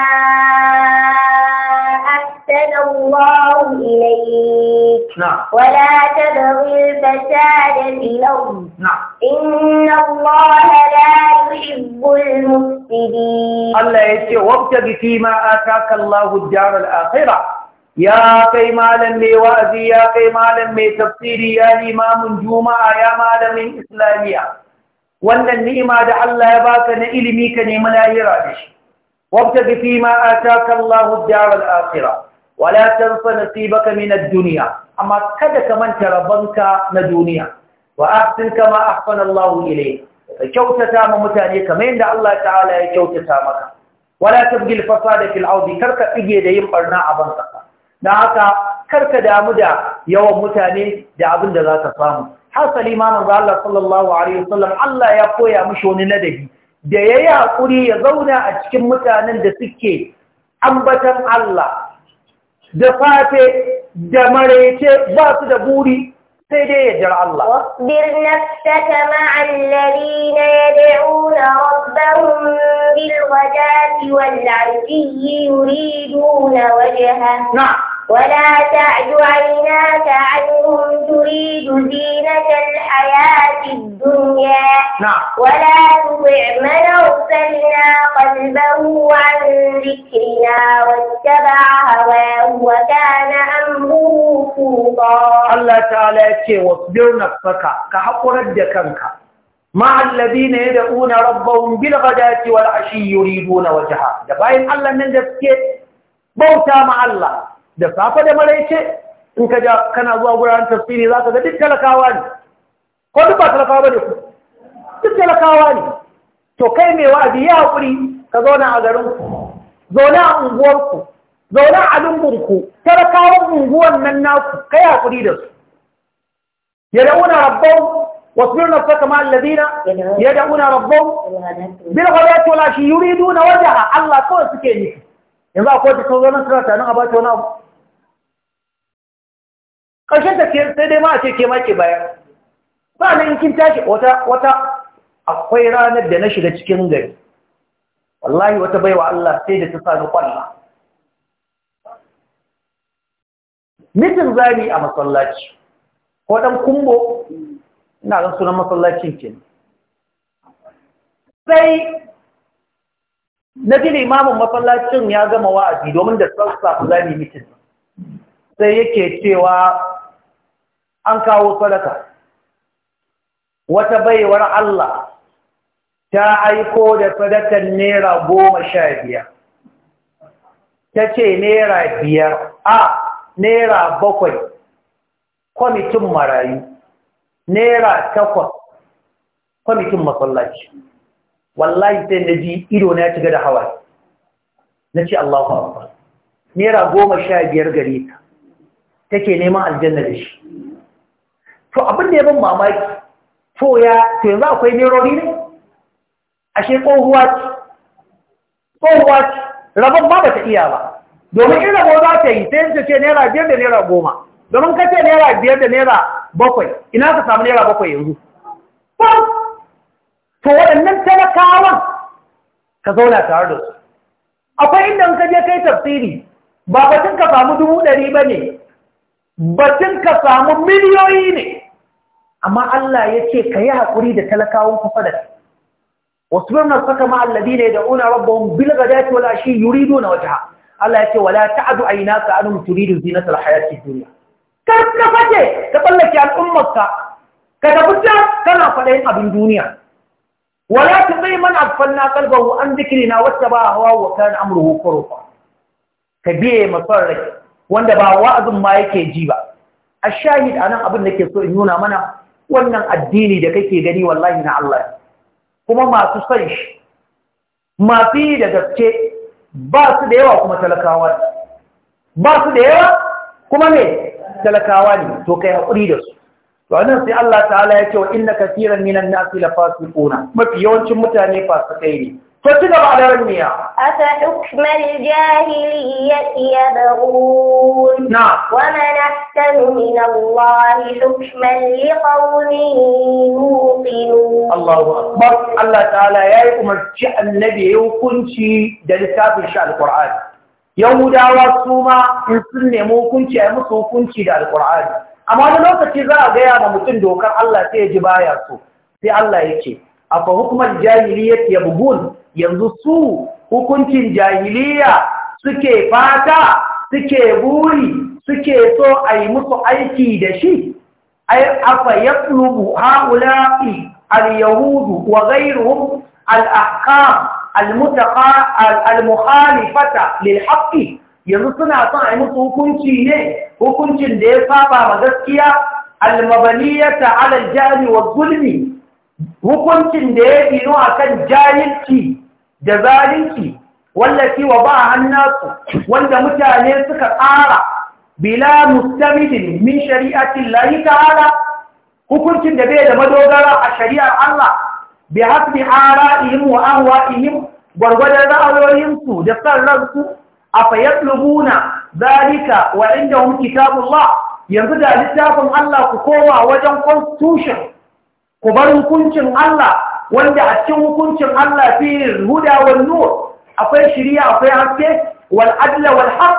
أحسن الله إليك نعم ولا تبغ الفساد في الأرض نعم إن الله لا يحب المفسدين الله يسير وابتغ فيما آتاك الله الدار الآخرة ya kai malam mai wa'azi ya kai malam mai tafsiri ya limamin juma'a ya malamin islamiyya wannan ni'ima da Allah ya baka na ilimi ka nemi lahira da shi wabtaghi fi ma ataka Allahu ad-dar al-akhirah nasibaka min ad amma kada ka manta rabanka na duniya wa ahsin kama ahsana Allahu ilayk ka kyautata ma mutane kamar yadda Allah ta'ala ya kyautata maka wala tabghi al-fasada fil ardi karka fige da yin barna a ban kasa Da haka karka damu da yawan mutane da abin da za ka samu hasali ma manzo Allah sallallahu alaihi wasallam Allah ya koya mishi wani ladabi da yayi haƙuri ya zauna a cikin mutanen da suke ambatan Allah da fafe da marece ba su da buri اصبر نفسك مع الذين يدعون ربهم بالغداة والعشي يريدون وجهه نعم ولا تعد عيناك عنهم تريد زينة الحياة الدنيا نعم. ولا تطع من أرسلنا قلبه عن ذكرنا واتبع هواه وكان أمره فوقا الله تعالى يكي واصبر نفسك ردك أنك مع الذين يدعون ربهم بالغداة والعشي يريدون وجهه ده الله من ذلك بوتا مع الله da safa da maraice in ka ja kana zuwa wuraren tafsiri za ka ga duk talakawa ne ko duk ba talakawa ba ne ku duk talakawa ne to kai mai wa'azi ya haƙuri ka zauna a garin ku zauna a unguwarku zauna a lungunku talakawan unguwan nan naku kai haƙuri da su يدعون ربهم واصبر نفسك مع الذين يدعون ربهم بالغداة والعشي يريدون وجهها الله كو سكي نفسه yanzu akwai ta kawo zanen تونا ƙarshen ta sai dai ma a ce ke ma ke bayar in kin tashi wata wata akwai ranar da na shiga cikin gari wallahi wata baiwa Allah sai da ta sani kwalla mitin zami a masallaci ko dan kumbo ina ga sunan masallacin ke sai na ji limamin masallacin ya gama wa'azi domin da sassa zami mitin sai yake cewa an kawo sadaka wata baiwar Allah ta aiko da sadakar naira goma sha biyar ta ce naira biyar a naira bakwai kwamitin marayu naira takwas kwamitin masallaci wallahi sai na ji ido na ya shiga da hawa na ce Allahu Akbar naira goma sha biyar gare ta take neman aljanna da shi to abin da ya ban mamaki to ya to yanzu akwai nerori ne ashe shi ce tsohuwa rabon ma ba ta iya ba domin in rabo za ta yi sai yin ce naira biyar da naira goma domin ka ce naira biyar da naira bakwai ina ka samu naira bakwai yanzu to waɗannan talakawan ka zauna tare da su akwai inda ka je kai tafsiri ba batun ka samu dubu ɗari ba ne batun ka samu miliyoyi ne amma Allah ya ce ka yi haƙuri da talakawun kusa da kai wasu birnin saka ma ne da una rabbahun bilga dace wala shi yuri na wata Allah ya ce wala ta'adu a ina ka anum turidu zinatar hayati duniya kar ka fashe ka tsallake al'ummarka ka tafi ta kana faɗa yin abin duniya wala ta tsaye man afanna kalbahu an zikirina wacce ba hawa wa kan amurhu kurufa ka biye masar rai wanda ba wa'azin ma yake ji ba a shahid a nan abin da ke so in nuna mana wannan addini da kake gani wallahi na Allah kuma masu san shi masu yi da gaske ba su da yawa kuma talakawa ba su da yawa kuma ne talakawa ne to kai haƙuri da su wannan sai Allah ta'ala ya ce wa inna kaseeran minan nasi la fasiquna mafi yawancin mutane fasikai ne فتقب على رمية أفحكم الجاهلية يبغون نعم ومن أحسن من الله حكما لقوم يوقنون الله أكبر الله تعالى يا يقوم النبي يوكنشي دلساف إن شاء القرآن يهودا وسوما إن سنة موكنشي أمس وكنشي دا القرآن أما أنا لو تشيزا غير ممتن دوكر الله تيجي بايا سو في الله يكي أفحكم الجاهلية يبغون yanzu su hukuncin jahiliya suke fata suke buri suke so a yi musu aiki da shi Afa afa yaqlubu haula'i al-yahudu wa ghayruhum al-ahkam al-mukhalifata lil-haqqi yanzu suna son a yi musu hukunci ne hukuncin da ya saba ma gaskiya al-mabaniyata al-jahli wa zulmi hukuncin da ya binu a kan jahilci da zalunci wallafi wa ba hannasu wanda mutane suka tsara bila mustamidin min shari'atin lahi ta'ala hukuncin da bai da madogara a shari'ar Allah bi hasbi ara'ihim wa ahwa'ihim gwargwadon ra'ayoyinsu da san ransu a fayatlubuna zalika wa indahum kitabullah yanzu da littafin Allah ku koma wajen constitution ku bar hukuncin Allah wanda a cikin hukuncin Allah fi huda wal nur akwai shiriya akwai haske wal adla wal haq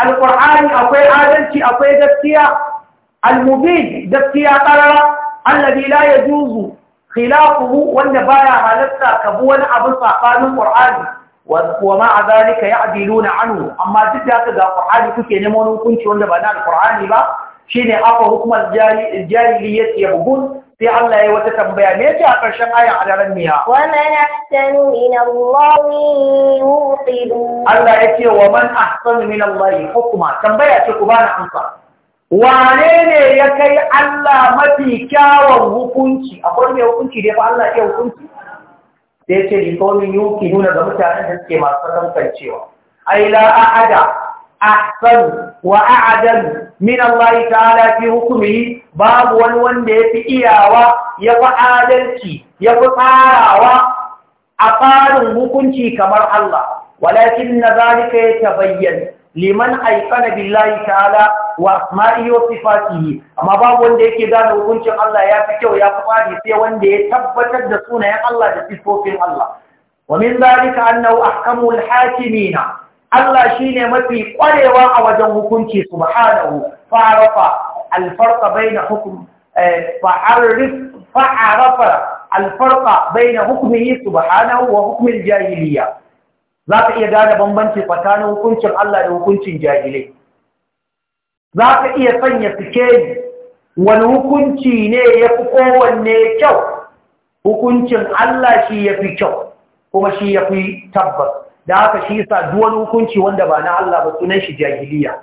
alqur'ani akwai adalci akwai gaskiya al mubin gaskiya qarara alladhi la yajuzu khilafuhu wanda baya halatta kabu wani abu ƙur'ani. qur'ani wa ma adalika ya'diluna anhu amma duk da haka ga qur'ani kuke neman hukunci wanda ba na alqur'ani ba shine afa hukmal jahiliyyati yabghun sai Allah ya wata tambaya me yake a ƙarshen a daren miya wa man ahsanu min Allah yuqidu Allah yake wa man ahsanu min Allah hukuma tambaya ce ku bani amsa wane ne ya kai Allah mafi kyawun hukunci akwai mai hukunci da fa Allah ya hukunci sai ce li qawmin yuqiduna ga mutanen da suke masu kankancewa ai la ahada ahsan wa a'adal min Allah ta'ala fi hukumi babu wani wanda yafi iyawa yafi adalci ya fi tsarawa a tsarin hukunci kamar Allah walakin na zalika ya tabayyan liman aikana billahi ta'ala wa asma'ihi wa sifatihi amma babu wanda yake gane hukuncin Allah yafi kyau yafi fi fadi sai wanda ya tabbatar da sunayen Allah da sifofin Allah wa min zalika annahu ahkamul hakimina Allah shi ne mafi ƙwarewa a wajen hukunci subhanahu fa'arafa alfarqa baina na eh, fa'arif fa'arafa alfarqa baina ba subhanahu wa jahiliya. Za ka iya gane bambanci fatanin hukuncin Allah da hukuncin jahilai ka iya sanya ne wani hukunci ne ya fi kowanne kyau hukuncin Allah shi ya fi kyau kuma shi ya fi tabbas da haka shi yasa duk wani hukunci wanda ba na Allah ba sunan shi jahiliya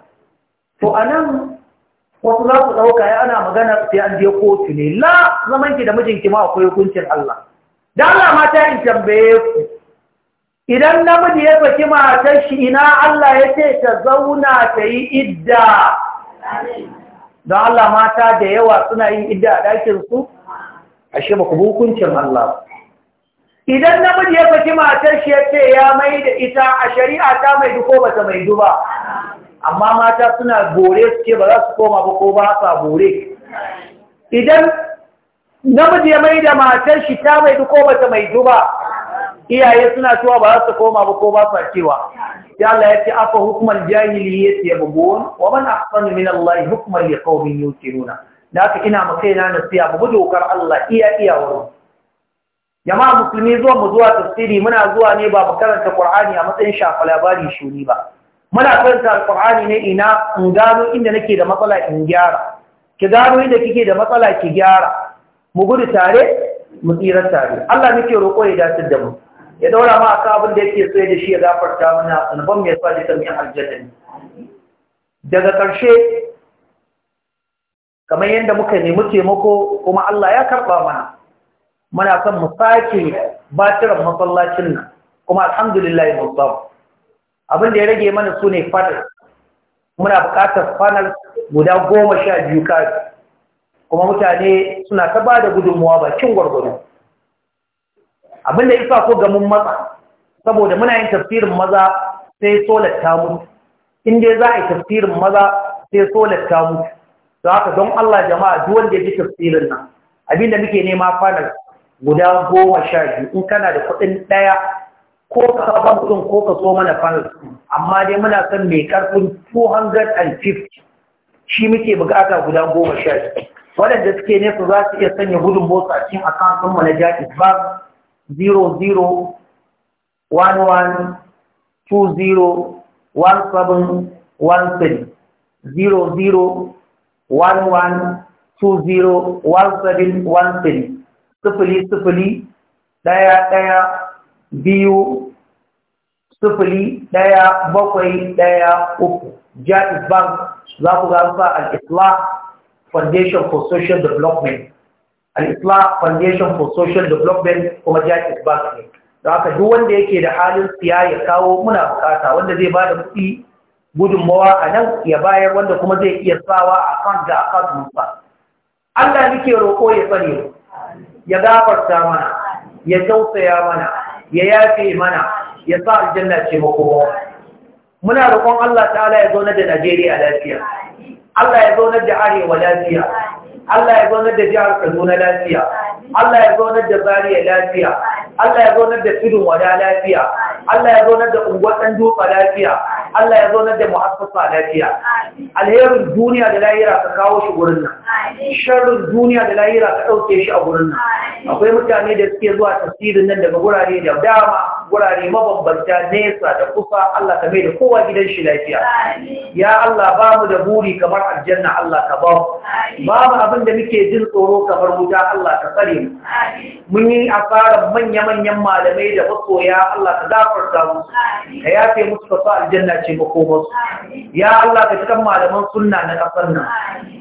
to anan wasu za ku dauka ya ana magana sai an je kotu ne la zaman ki da mijinki ma akwai hukuncin Allah da Allah ma ta in tambaye ku idan namiji ya saki matar shi ina Allah ya ce ta zauna ta yi idda don Allah mata da yawa suna yin idda a ɗakin su ashe ba ku hukuncin Allah idan namiji ya saki matar shi ya ce ya mai da ita a shari'a ta mai ko ba ta mai duba amma mata suna gore suke ba za su koma ba ko ba sa gore idan namiji ya mai da matar shi ta mai ko ba ta mai duba iyaye suna cewa ba za su koma ba ko ba sa cewa ya Allah ya ce afa hukumar jahiliyyati yabghun wa man ahsanu min Allah hukman liqaumin yuqinuna da haka ina maka ina nasiya bu dokar Allah iya iya wurin jama'a musulmi zuwa mu zuwa tafsiri muna zuwa ne ba mu karanta qur'ani a matsayin shafa labari shuni ba muna karanta qur'ani ne ina in gano inda nake da matsala in gyara ki gano inda kike da matsala ki gyara mu gudu tare mu tsira tare Allah nake roƙo ya dace da mu ya daura ma aka abin da yake so ya da shi ya gafarta mana zunuban mai sa da sami aljanna daga ƙarshe kamar yadda muka nemi taimako kuma Allah ya karɓa mana muna son mu sake batiran masallacin nan kuma alhamdulillah ya musamman. abin da ya rage mana su ne muna bukatar fanar guda goma sha biyu kari kuma mutane suna ta ba da gudunmuwa bakin gwargwaro abin da isa ko gamin matsa saboda muna yin tafsirin maza sai solar ta mutu inda za a yi tafsirin maza sai solar ta mutu don haka don Allah jama'a duk wanda ya ji tafsirin nan abinda muke nema fanar guda goma sha biyu in kana da kuɗin ɗaya ko ka ba mutum ko ka so mana panel amma dai muna son mai and 250 shi muke bukata guda goma sha biyu waɗanda suke ne su za su iya sanya gudun motsa a cikin akawun ɗinmu na one seven, one three. sifili sifili ɗaya ɗaya biyu sifili ɗaya bakwai ɗaya uku jaiz bank za ku gasa al-islah foundation for social development foundation for social development kuma jaiz bank ne da aka duk wanda yake da halin siya ya kawo muna bukata wanda zai ba da kuɗi gudunmawa a nan ya bayar wanda kuma zai iya sawa a kan da kan musa Allah nike roƙo ya tsare ya gafarta mana ya tausaya mana ya yafe mana ya sa aljanna ce makoma muna roƙon Allah ta'ala ya zaunar da Najeriya lafiya Allah ya zaunar da Arewa lafiya Allah ya zaunar da jihar Kaduna lafiya Allah ya zaunar da Zaria lafiya Allah ya zaunar da Tudun Wada lafiya Allah ya zaunar da Unguwar dufa lafiya Allah ya zaunar da a lafiya alherin duniya da lahira ka kawo shi gurin nan sharrin duniya da lahira ka ɗauke shi a gurin nan akwai mutane da suke zuwa tasirin nan daga wurare da dama wurare, mabambanta nesa da kusa Allah ka mai da kowa gidan shi lafiya ya Allah ba mu da buri kamar aljanna Allah ka ba mu ba mu abin da muke jin tsoro kamar wuta Allah ka tsare mu mun yi asarar manya-manyan malamai da masoya Allah ka gafarta mu ka yafe musu ka sa aljanna ce makomarsu ya Allah ka jikan malaman sunna na ƙasar nan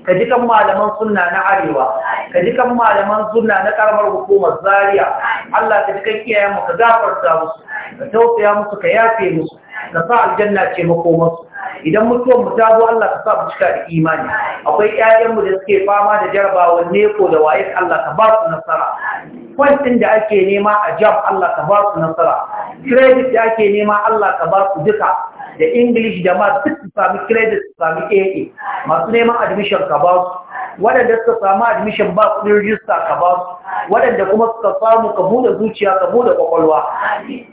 ka jikan malaman sunna na arewa ka jikan malaman suna na ƙaramar hukumar zaria Allah ka jikan iyayenmu ka gafarta musu ka tausaya musu ka yafe musu ka sa aljanna ce makomarsu idan mutuwan mu ta zo Allah ka sa mu cika da imani akwai 'ya'yanmu da suke fama da jarabawar neko da waye Allah ka ba su nasara kwantin da ake nema a jam Allah ka ba su nasara kredit da ake nema Allah ka ba su duka da english da ma duk su sami credit su sami aa masu neman admission ka ba su waɗanda suka samu admission ba kudin rijista ka ba su waɗanda kuma suka samu ka buɗe zuciya ka buɗe kwakwalwa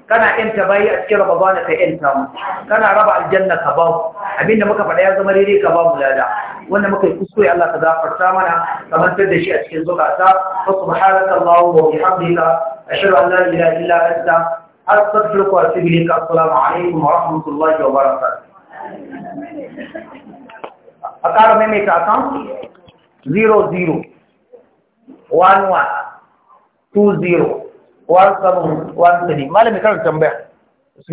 kana yanta bayi a cikin rababana ka yanta mu kana raba aljanna ka ba su? abinda muka faɗa ya zama daidai ka ba mu lada wanda muka yi kuskure Allah ka zafarta mana kamar da shi a cikin zukata wasu subhanaka allahumma wa bihamdika ashhadu an la ilaha illa أستغفرك وأتوب إليك السلام عليكم ورحمة الله وبركاته अकार में मैं चाहता हूँ zero zero one one two zero one seven one three मालूम है कर चंबे